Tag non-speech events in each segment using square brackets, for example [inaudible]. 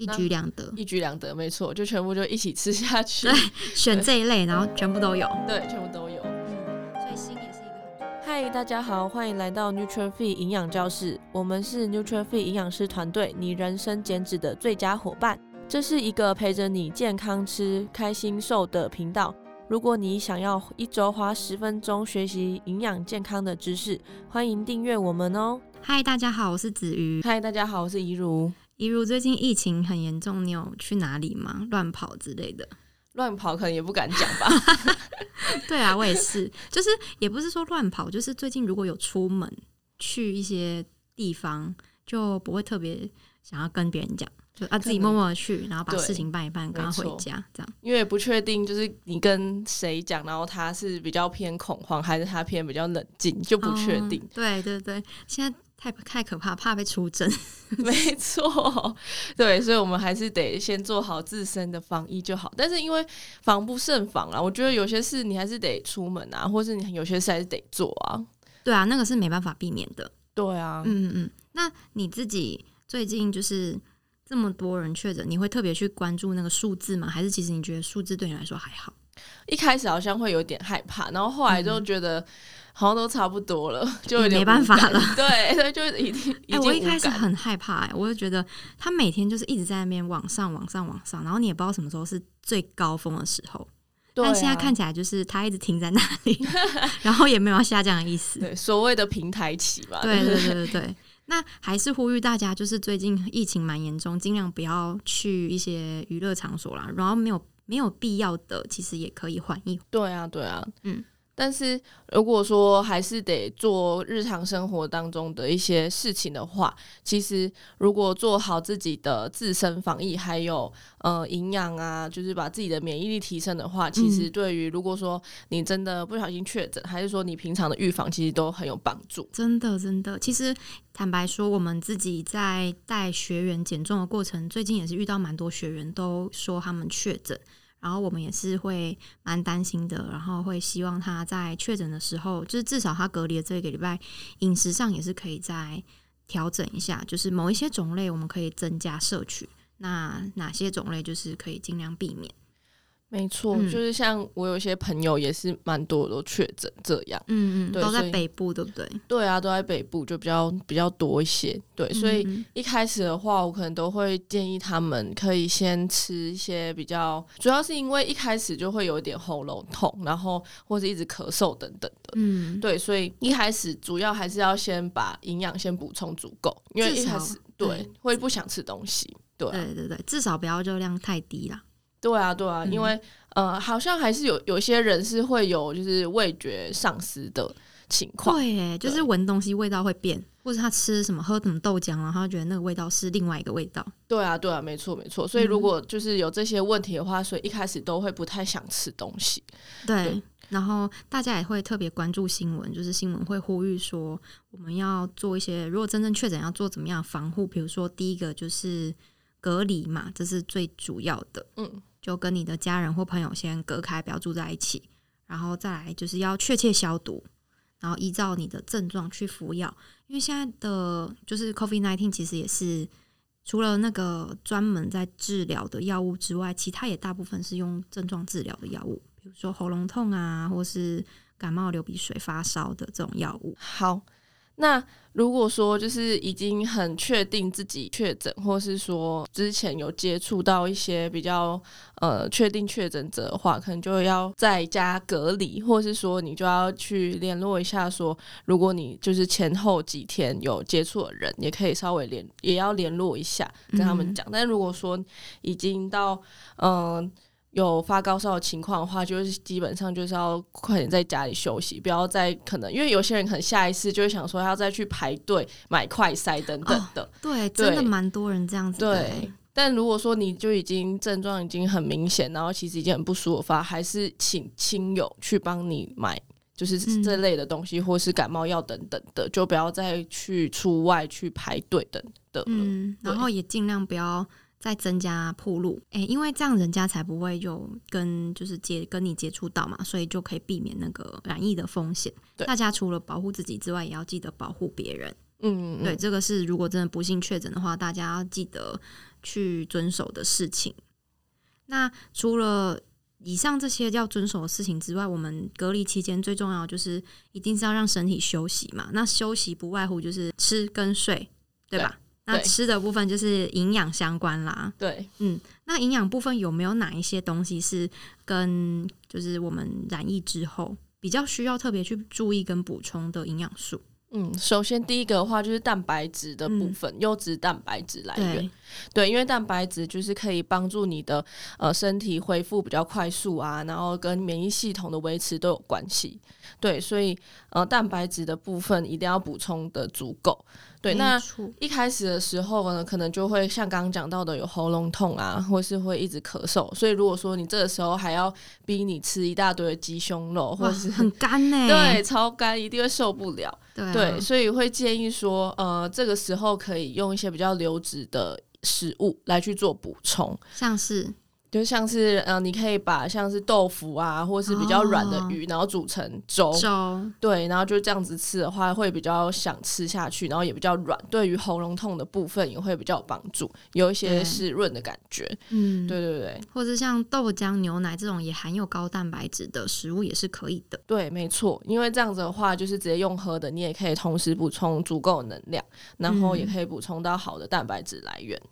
一舉兩得，一舉兩得，沒錯，就全部就一起吃下去。對，選這一類，對然後全部都有。對，全部都有。嗯，所以心也是一個很重要。嗨，大家好，歡迎來到 Neutral Fee 營養教室，我們是 Neutral Fee 營養師團隊，你人生減脂的最佳夥伴。這是一個陪着你健康吃、開心瘦的頻道。如果你想要一周花十分鐘學習營養健康的知識，歡迎訂閱我們哦。嗨，大家好，我是子瑜。嗨，大家好，我是怡如。比如，最近疫情很嚴重，你有去哪裡嗎？亂跑之類的？亂跑可能也不敢講吧？ [laughs] 對啊，我也是，就是也不是說亂跑，就是最近如果有出門去一些地方，就不會特別想要跟別人講。啊，自己默默的去，然後把事情辦一辦，然後對回家，錯這樣，因為不確定，就是你跟誰講，然後他是比較偏恐慌，還是他偏比較冷靜，就不確定、嗯。對對對，現在太太可怕，怕被出征。 [laughs] 沒錯，對，所以我們還是得先做好自身的防疫就好。但是因為防不勝防啊，我覺得有些事你還是得出門啊，或是你有些事還是得做啊。對啊，那個是沒辦法避免的。對啊，嗯嗯，那你自己最近就是。這麼多人確診，你會特別去關注那個數字嗎？還是其實你覺得數字對你來說還好？一開始好像會有點害怕，然後後來就覺得好像都差不多了，嗯、就有點沒辦法了。對，所以就已經。哎、欸，我一開始很害怕、欸，哎，我就覺得他每天就是一直在那邊往上、往上、往上，然後你也不知道什麼時候是最高峰的時候。啊、但現在看起來就是他一直停在那裡， [laughs] 然後也沒有要下降的意思。對，所謂的平台期吧，對對對對對。 [laughs] 那還是呼籲大家，就是最近疫情蠻嚴重，盡量不要去一些娛樂場所啦。然後沒有沒有必要的，其實也可以緩一緩。對啊，對啊，嗯。但是如果說還是得做日常生活當中的一些事情的話，其實如果做好自己的自身防疫，還有呃營養啊，就是把自己的免疫力提升的話，其實對於如果說你真的不小心確診，嗯，還是說你平常的預防，其實都很有幫助。真的，真的。其實坦白說，我們自己在帶學員減重的過程，最近也是遇到蠻多學員都說他們確診。然後我們也是會蠻擔心的，然後會希望他在確診的時候，就是至少他隔離的這個禮拜，飲食上也是可以再調整一下，就是某一些種類我們可以增加攝取，那哪些種類就是可以儘量避免。沒錯，嗯、就是像我有一些朋友也是蠻多的都確診這樣，嗯嗯，對都在北部對不對？對啊，都在北部就比較比較多一些。對，所以一開始的話，我可能都會建議他們可以先吃一些比較，主要是因為一開始就會有一點喉嚨痛，然後或者一直咳嗽等等的。嗯，對，所以一開始主要還是要先把營養先補充足夠，因為一開始少對，對會不想吃東西，對、啊、對對對，至少不要熱量太低啦。對啊，對啊，因為、嗯、呃，好像還是有有一些人是會有就是味覺喪失的情況。對，耶，對，就是聞東西味道會變，或者他吃什麼喝什麼豆漿，啊，然後覺得那個味道是另外一個味道。對啊，對啊，沒錯，沒錯。所以如果就是有這些問題的話，嗯、所以一開始都會不太想吃東西。對、對，然後大家也會特別關注新聞，就是新聞會呼籲說我們要做一些，如果真正確診要做怎麼樣防護，比如說第一個就是隔離嘛，這是最主要的。嗯。就跟你的家人或朋友先隔開，不要住在一起，然後再來就是要確切消毒，然後依照你的症狀去服藥。因為現在的就是 COVID-19，其實也是除了那個專門在治療的藥物之外，其他也大部分是用症狀治療的藥物，比如說喉嚨痛啊，或是感冒、流鼻水、發燒的這種藥物。好。那如果說就是已經很確定自己確診，或是說之前有接觸到一些比較呃確定確診者的話，可能就要在家隔離，或是說你就要去聯絡一下，說如果你就是前後幾天有接觸的人，也可以稍微聯也要聯絡一下跟他們講。嗯嗯，但如果說已經到嗯。呃有發高燒的情況的話，就是基本上就是要快點在家裡休息，不要再可能，因為有些人可能下一次就會想說他要再去排隊買快篩等等的。哦、對，對，真的蠻多人這樣子。對，但如果說你就已經症狀已經很明顯，然後其實已經很不舒服啊，還是請親友去幫你買，就是這類的東西，嗯、或是感冒藥等等的，就不要再去出外去排隊等等。嗯，然後也儘量不要。再增加暴露，誒、欸，因為這樣人家才不會就跟就是接跟你接觸到嘛，所以就可以避免那個染疫的風險。對大家除了保護自己之外，也要記得保護別人。嗯，嗯，嗯，對，這個是如果真的不幸確診的話，大家要記得去遵守的事情。那除了以上這些要遵守的事情之外，我們隔離期間最重要就是一定是要讓身體休息嘛。那休息不外乎就是吃跟睡，對吧？對那吃的部分就是營養相關啦。對，嗯，那營養部分有沒有哪一些東西是跟就是我們染疫之後比較需要特別去注意跟補充的營養素？嗯，首先第一個的話就是蛋白質的部分，優質、嗯、蛋白質來源。對，對，因為蛋白質就是可以幫助你的呃身體恢復比較快速啊，然後跟免疫系統的維持都有關係。對，所以呃蛋白質的部分一定要補充的足夠。對，那一開始的時候呢，可能就會像剛剛講到的，有喉嚨痛啊，或是會一直咳嗽。所以如果說你這個時候還要逼你吃一大堆雞胸肉，或是哇，很乾呢，對，超乾，一定會受不了。對啊，對，所以會建議說，呃，這個時候可以用一些比較流質的食物來去做補充，像是。就像是嗯，你可以把像是豆腐啊，或是比較軟的魚，oh, 然後煮成粥。粥、oh. 對，然後就這樣子吃的話，會比較想吃下去，然後也比較軟，對於喉嚨痛的部分也會比較有幫助，有一些濕潤的感覺。嗯，對，對，對對對。或者像豆漿、牛奶這種也含有高蛋白質的食物也是可以的。對，沒錯，因為這樣子的話，就是直接用喝的，你也可以同時補充足夠能量，然後也可以補充到好的蛋白質來源。嗯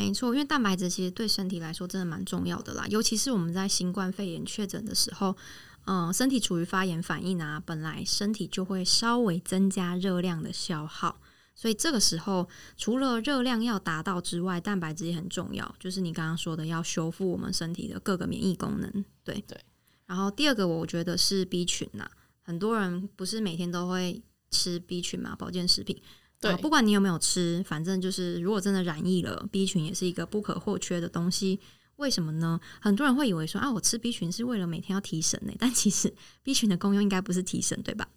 沒錯，因為蛋白質其實對身體來說真的蠻重要的啦，尤其是我們在新冠肺炎確診的時候，嗯、呃，身體處於發炎反應啊，本來身體就會稍微增加熱量的消耗，所以這個時候除了熱量要達到之外，蛋白質也很重要，就是你剛剛說的要修復我們身體的各個免疫功能。對對，然後第二個我覺得是 B 群啦、啊，很多人不是每天都會吃 B 群嘛，保健食品。對，不管你有沒有吃，反正就是如果真的染疫了，B 群也是一個不可或缺的東西。為什麼呢？很多人會以為說啊，我吃 B 群是為了每天要提神呢，但其實 B 群的功用應該不是提神，對吧？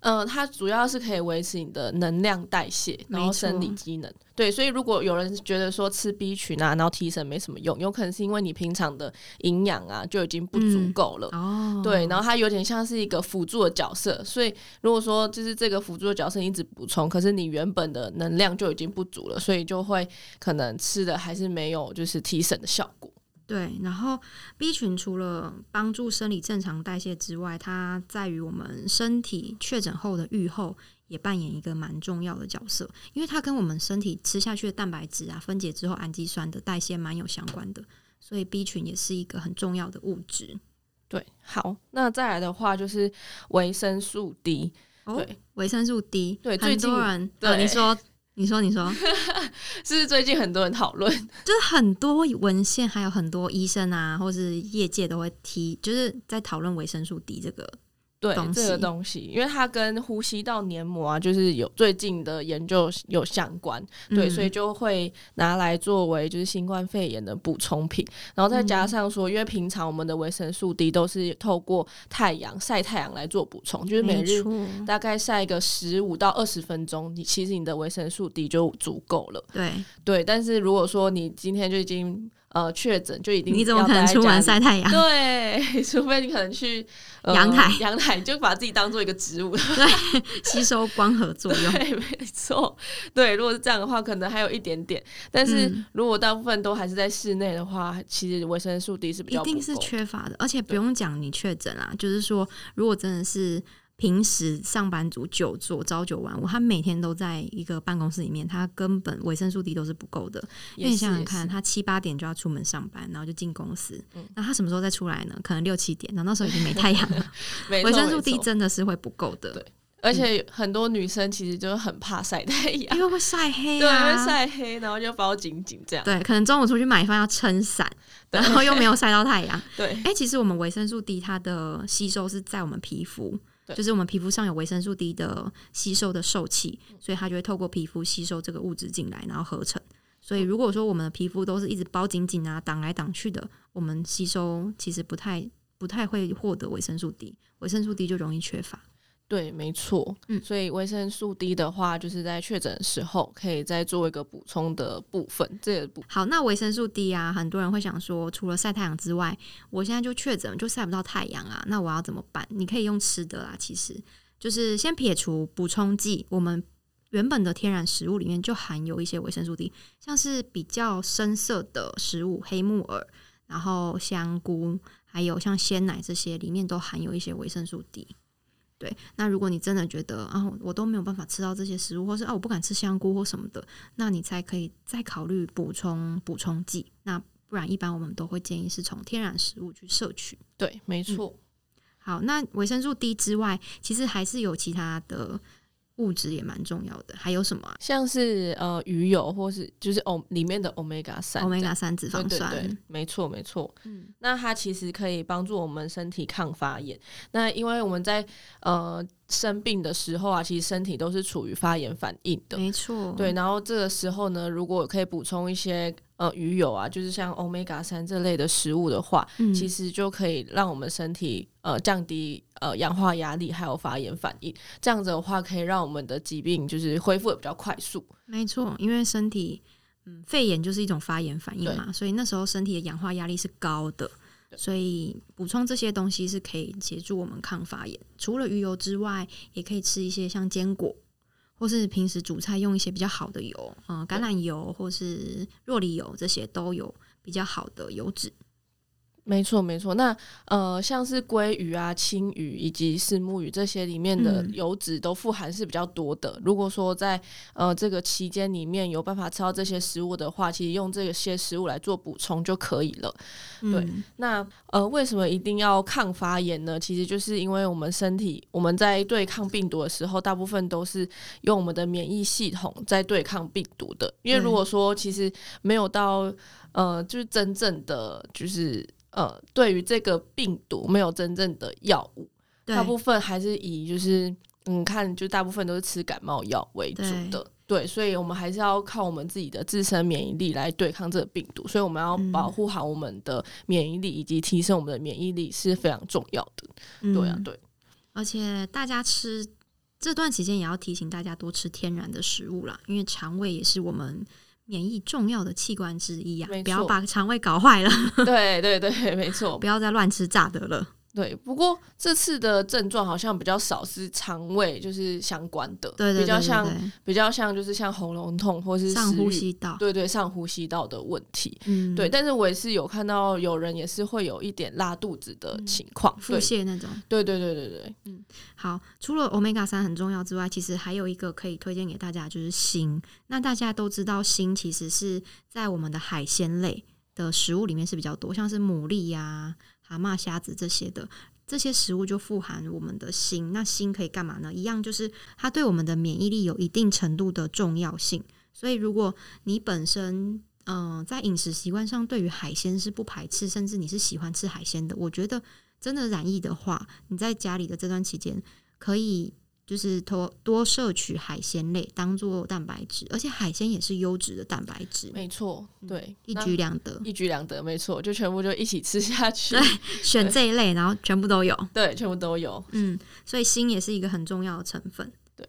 嗯、呃，它主要是可以維持你的能量代謝，然後生理機能。沒錯。對，所以如果有人覺得說吃 B 群啊，然後提神沒什麼用，有可能是因為你平常的營養啊就已經不足夠了。哦、嗯，對，然後它有點像是一個輔助的角色。所以如果說就是這個輔助的角色一直補充，可是你原本的能量就已經不足了，所以就會可能吃的還是沒有就是提神的效果。對，然後 B 群除了幫助生理正常代謝之外，它在於我們身體確診後的癒後也扮演一個蠻重要的角色，因為它跟我們身體吃下去的蛋白質啊分解之後氨基酸的代謝蠻有相關的，所以 B 群也是一個很重要的物質。對，好，那再來的話就是維生素 D，對，哦、維生素 D，對，很多人，對、呃，你說。你說，你說，不 [laughs] 是最近很多人討論，就是很多文獻，還有很多醫生啊，或是業界都會提，就是在討論維生素 D 這個。對，東西。這個東西，因為它跟呼吸道黏膜啊，就是有最近的研究有相關，嗯、對，所以就會拿來作為就是新冠肺炎的補充品。然後再加上說，嗯、因為平常我們的維生素 D 都是透過太陽曬太陽來做補充，就是每日大概曬個十五到二十分鐘，你其實你的維生素 D 就足夠了。對對，但是如果說你今天就已經。呃，確診就一定你怎麼可能出門曬太陽？對，除非你可能去陽台，呃、陽台就把自己當做一個植物，對， [laughs] 吸收光合作用。對，沒錯，對。如果是這樣的話，可能還有一點點。但是如果大部分都還是在室內的話，嗯、其實維生素 D 是比較不高的，一定是缺乏的。而且不用講，你確診啊，就是說，如果真的是。平時上班族久坐，朝九晚五，我他每天都在一個辦公室裡面，他根本維生素 D 都是不夠的。是因為你想想看，是他七八點就要出門上班，然後就進公司，嗯、那他什麼時候再出來呢？可能六七點，那那時候已經沒太陽了，維 [laughs] 生素 D 真的是會不夠的。對，而且很多女生其實就是很怕曬太陽、嗯啊，因為會曬黑，對，會曬黑，然後就包緊緊這樣。對，可能中午出去買飯要撐傘，然後又沒有曬到太陽。對，哎、欸，其實我們維生素 D 它的吸收是在我們皮膚。就是我們皮膚上有維生素 D 的吸收的受器，所以它就會透過皮膚吸收這個物質進來，然後合成。所以如果說我們的皮膚都是一直包緊緊啊、擋來擋去的，我們吸收其實不太不太會獲得維生素 D，維生素 D 就容易缺乏。對，沒錯。嗯，所以維生素 D 的話，就是在確診的時候可以再做一個補充的部分。這也不好。那維生素 D 啊，很多人會想說，除了曬太陽之外，我現在就確診，就曬不到太陽啊，那我要怎麼辦？你可以用吃的啦。其實就是先撇除補充劑，我們原本的天然食物裡面就含有一些維生素 D，像是比較深色的食物，黑木耳，然後香菇，還有像鮮奶這些，裡面都含有一些維生素 D。對，那如果你真的覺得啊，我都沒有辦法吃到這些食物，或是啊我不敢吃香菇或什麼的，那你才可以再考慮補充補充劑。那不然一般我們都會建議是從天然食物去攝取。對，沒錯，嗯。好，那維生素 D 之外，其實還是有其他的。物質也蠻重要的，還有什麼、啊？像是呃魚油，或是就是哦裡面的 Omega 三的 omega 三，omega 三脂肪酸，對對對，沒錯沒錯。嗯，那它其實可以幫助我們身體抗發炎。那因為我們在呃。生病的時候啊，其實身體都是處於發炎反應的，沒錯錯。對，然後這個時候呢，如果可以補充一些呃魚油啊，就是像 Omega 三這類的食物的話，嗯、其實就可以讓我們身體呃降低呃氧化壓力，還有發炎反應。這樣子的話，可以讓我們的疾病就是恢復得比較快速。沒錯，因為身體嗯肺炎就是一種發炎反應嘛，對所以那時候身體的氧化壓力是高的。所以補充這些東西是可以協助我們抗發炎。除了魚油之外，也可以吃一些像堅果，或是平時煮菜用一些比較好的油，嗯、呃，橄欖油或是酪梨油，這些都有比較好的油脂。沒錯，沒錯。那呃，像是鮭魚啊、青魚以及是木魚這些裡面的油脂都富含是比較多的。嗯、如果說在呃這個期間裡面有辦法吃到這些食物的話，其實用這些食物來做補充就可以了。嗯、對，那呃，為什麼一定要抗發炎呢？其實就是因為我們身體，我們在對抗病毒的時候，大部分都是用我們的免疫系統在對抗病毒的。因為如果說其實沒有到、嗯、呃，就是真正的就是。呃，對於這個病毒沒有真正的藥物，對大部分還是以就是嗯，看就大部分都是吃感冒藥為主的。對，對，所以我們還是要靠我們自己的自身免疫力來對抗這個病毒。所以我們要保護好我們的免疫力，以及提升我們的免疫力是非常重要的。嗯、對啊，對。而且大家吃這段期間也要提醒大家多吃天然的食物啦，因為腸胃也是我們。免疫重要的器官之一呀，沒錯，不要把腸胃搞壞了。 [laughs] 對對對，沒錯，不要再亂吃炸的了。對，不過這次的症狀好像比較少是腸胃就是相關的，對、對、對、對、對、對，比較像比較像就是像喉嚨痛或是上呼吸道，對對上呼吸道的問題，嗯，對。但是我也是有看到有人也是會有一點拉肚子的情況，嗯，對，腹瀉那種，對對對對對。嗯，好，除了 Omega 三很重要之外，其實還有一個可以推薦給大家就是鋅。那大家都知道鋅其實是在我們的海鮮類。的食物裡面是比較多，像是牡蠣呀、啊、蛤蟆、蝦子這些的，這些食物就富含我們的鋅。那鋅可以幹嘛呢？一樣就是它對我們的免疫力有一定程度的重要性。所以，如果你本身嗯、呃、在飲食習慣上對於海鮮是不排斥，甚至你是喜歡吃海鮮的，我覺得真的染疫的話，你在家裡的這段期間可以。就是多多攝取海鮮類當做蛋白質，而且海鮮也是優質的蛋白質，沒錯，對，一舉兩得，一舉兩得，沒錯，就全部就一起吃下去，對，選這一類，對，然後全部都有，對，全部都有，嗯，所以鋅也是一個很重要的成分，對，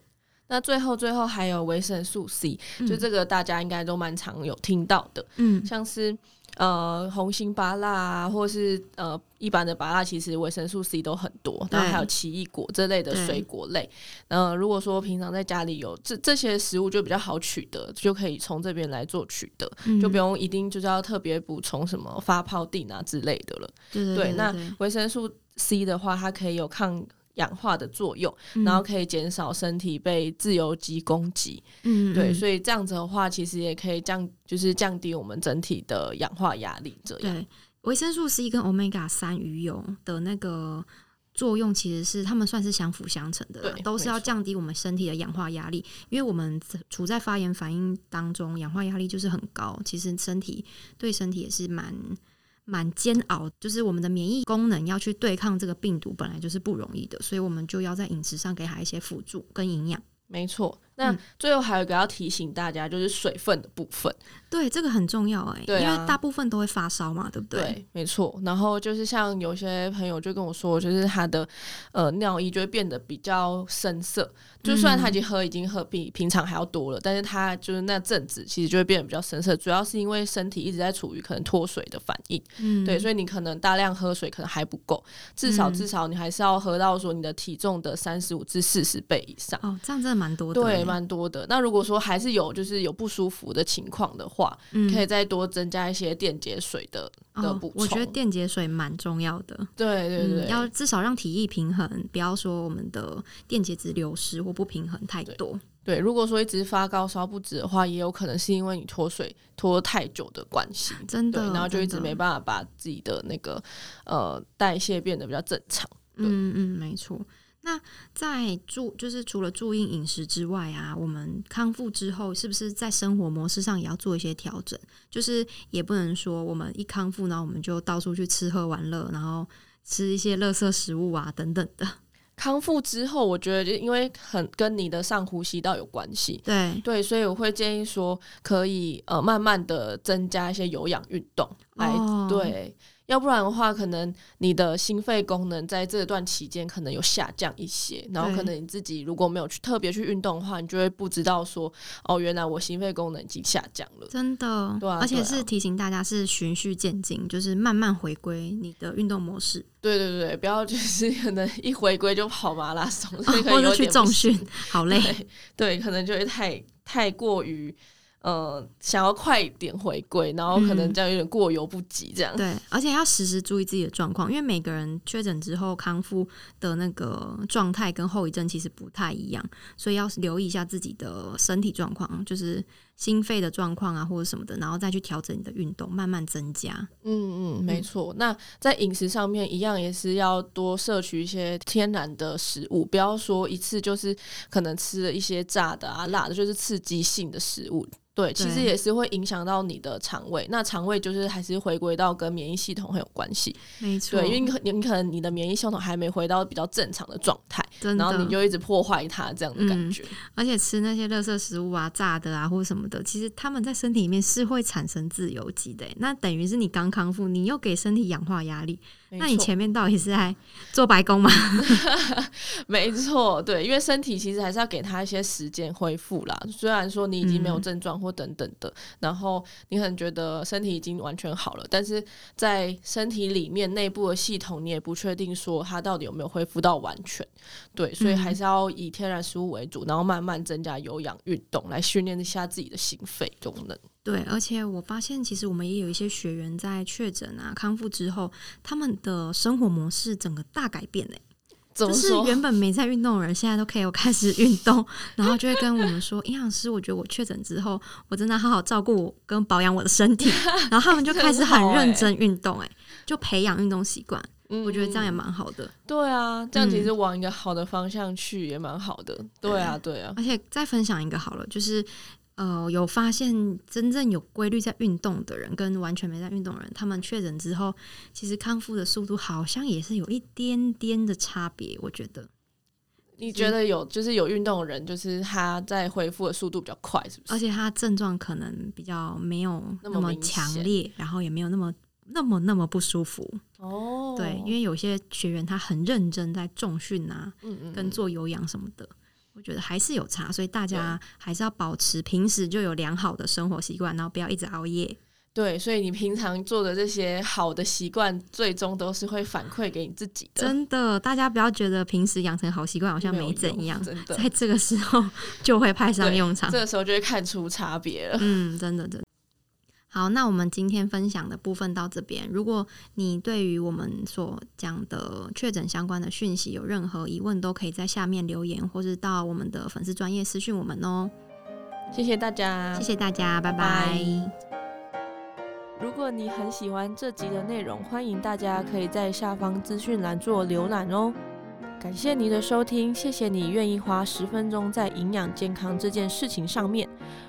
那最後最後還有維生素 C，嗯，就這個大家應該都蠻常有聽到的，嗯，像是。呃，紅心芭樂啊，或是呃一般的芭樂，其實維生素 C 都很多，對然後還有奇異果這類的水果類。嗯對，如果說平常在家裡有這這些食物，就比較好取得，就可以從這邊來做取得，嗯、就不用一定就是要特別補充什麼發泡錠啊之類的了。對，對，對，對，對，對，那維生素 C 的話，它可以有抗。氧化的作用，然後可以減少身體被自由基攻擊。嗯，對，所以這樣子的話，其實也可以降，就是降低我們整體的氧化壓力。這樣，對，維生素 C 跟 Omega 三魚油的那個作用，其實是它們算是相輔相成的，對都是要降低我們身體的氧化壓力。錯因為我們處在發炎反應當中，氧化壓力就是很高，其實身體對身體也是蠻，蠻煎熬，就是我們的免疫功能要去對抗這個病毒，本來就是不容易的，所以我們就要在飲食上給他一些輔助跟營養。沒錯。那最後還有一個要提醒大家，就是水分的部分，對這個很重要哎、欸，啊、因為大部分都會發燒嘛，對不對？對，沒錯。然後就是像有些朋友就跟我說，就是他的呃尿液就會變得比較深色，就算他已經喝已經喝比平常還要多了，嗯、但是他就是那陣子其實就會變得比較深色，主要是因為身體一直在處於可能脫水的反應，嗯，對。所以你可能大量喝水可能還不夠，至少、嗯、至少你還是要喝到說你的體重的三十五至四十倍以上哦，這樣真的蠻多的、欸，對。蠻多的。那如果說還是有就是有不舒服的情況的話，嗯、可以再多增加一些電解水的的補充。哦，我覺得電解水蠻重要的。對對對、嗯，要至少讓體液平衡，不要說我們的電解質流失或不平衡太多。對，對，如果說一直發高燒不止的話，也有可能是因為你脫水脫太久的關係。真的。然後就一直沒辦法把自己的那個呃代謝變得比較正常。嗯嗯，沒錯。那在注，就是除了注意飲食之外啊，我們康復之後是不是在生活模式上也要做一些調整？就是也不能說我們一康復呢，然後我們就到處去吃喝玩樂，然後吃一些垃圾食物啊等等的。康復之後，我覺得因為很跟你的上呼吸道有關係，對對，所以我會建議說，可以呃慢慢的增加一些有氧運動來、哦、對。要不然的話，可能你的心肺功能在這段期間可能有下降一些，然後可能你自己如果沒有去特別去運動的話，你就會不知道說，哦，原來我心肺功能已經下降了。真的，對，啊，啊，而且是提醒大家是循序漸進，就是慢慢回歸你的運動模式。對對對，不要就是可能一回歸就跑馬拉松，然後、哦哦、就去重訓。好累，對，可能就會太太過於。呃，想要快一點回歸，然後可能這樣有點過猶不及，這樣、嗯、對。而且要時時注意自己的狀況，因為每個人確診之後康復的那個狀態跟後遺症其實不太一樣，所以要留意一下自己的身體狀況，就是心肺的狀況啊，或者什麼的，然後再去調整你的運動，慢慢增加。嗯嗯，沒錯。嗯、那在飲食上面，一樣也是要多攝取一些天然的食物，不要說一次就是可能吃了一些炸的啊、辣的，就是刺激性的食物。對，其實也是會影響到你的腸胃。那腸胃就是還是回歸到跟免疫系統很有關係，沒錯錯。因為你可能你的免疫系統還沒回到比較正常的狀態，真的然後你就一直破壞它這樣的感覺、嗯。而且吃那些垃圾食物啊、炸的啊或什麼的，其實他們在身體裡面是會產生自由基的。那等於是你剛康復，你又給身體氧化壓力。錯那你前面到底是在做白工嗎？ [laughs] 沒錯，對，因為身體其實還是要給他一些時間恢復啦。雖然說你已經沒有症狀或、嗯等等的，然後你可能覺得身體已經完全好了，但是在身體裡面內部的系統，你也不確定說它到底有沒有恢復到完全。對，所以還是要以天然食物為主，然後慢慢增加有氧運動，來訓練一下自己的心肺功能。對，而且我發現，其實我們也有一些學員在確診啊康復之後，他們的生活模式整個大改變嘞。就是原本沒在運動的人，現在都可以有開始運動， [laughs] 然後就會跟我們說 [laughs] 營養師，我覺得我確診之後，我真的好好照顧我跟保養我的身體， [laughs] 然後他們就開始很認真運動，欸，誒、欸，就培養運動習慣，嗯、我覺得這樣也蠻好的。對啊，這樣其實往一個好的方向去也蠻好的。嗯、對啊，對啊，而且再分享一個好了，就是。呃，有發現真正有規律在運動的人，跟完全沒在運動的人，他們確診之後，其實康復的速度好像也是有一點點的差別。我覺得，你覺得有以就是有運動的人，就是他在恢復的速度比較快，是不是？而且他症狀可能比較沒有那麼強烈，然後也沒有那麼那麼那麼不舒服。哦，對，因為有些學員他很認真在重訓吶、啊，嗯嗯，跟做有氧什麼的。我覺得還是有差，所以大家還是要保持平時就有良好的生活習慣，然後不要一直熬夜。對，所以你平常做的這些好的習慣，最終都是會反饋給你自己的。真的，大家不要覺得平時養成好習慣好像沒怎樣，真的，在這個時候就會派上用場，這個時候就會看出差別了。嗯，真的，真的。好，那我們今天分享的部分到這邊。如果你對於我們所講的確診相關的訊息有任何疑問，都可以在下面留言，或是到我們的粉絲專頁私訊我們喔。謝謝大家，謝謝大家，拜拜。如果你很喜歡這集的內容，歡迎大家可以在下方資訊欄做瀏覽哦。感謝您的收聽，謝謝你願意花十分鐘在營養健康這件事情上面。